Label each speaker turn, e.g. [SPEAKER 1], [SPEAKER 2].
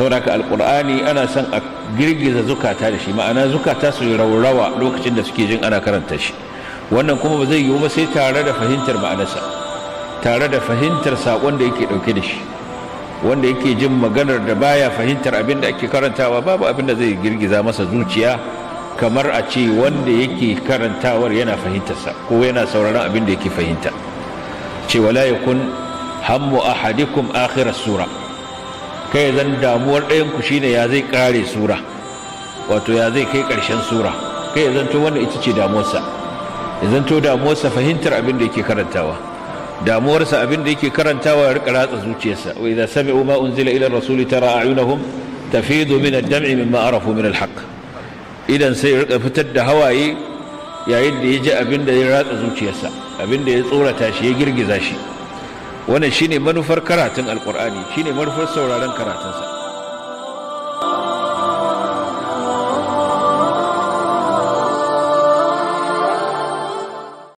[SPEAKER 1] sauraka alkur'ani ana son a girgiza zukata da shi ma'ana zukata su raurawa lokacin da suke jin ana karanta shi wannan kuma ba zai yiwu ba sai tare da fahimtar ma'anarsa tare da fahimtar saƙon da yake ɗauke da shi wanda yake jin maganar da baya fahimtar abin da ake karantawa babu abin da zai girgiza masa zuciya kamar a ce wanda yake karantawar yana fahimtarsa ko yana sauraron abin da yake fahimta cewa wala yakun hammu ahadikum akhirar sura kai zan damuwar ɗayan ku shine ya zai kare sura wato ya zai kai ƙarshen sura kai zan to wannan ita ce damuwarsa zan to damuwarsa fahimtar abin da yake karantawa damuwarsa abin da yake karantawa ya rika ratsa zuciyarsa wa idza sami'u ma unzila ila rasuli tara a'yunahum tafidu min ad-dam'i mimma arafu min al-haqq idan sai ya rika fitar da hawaye yayin da ya ji abin da ya ratsa zuciyarsa abin da ya tsorata shi ya girgiza shi wannan shine manufar karatun alkur'ani shine manufar sauraron karatunsa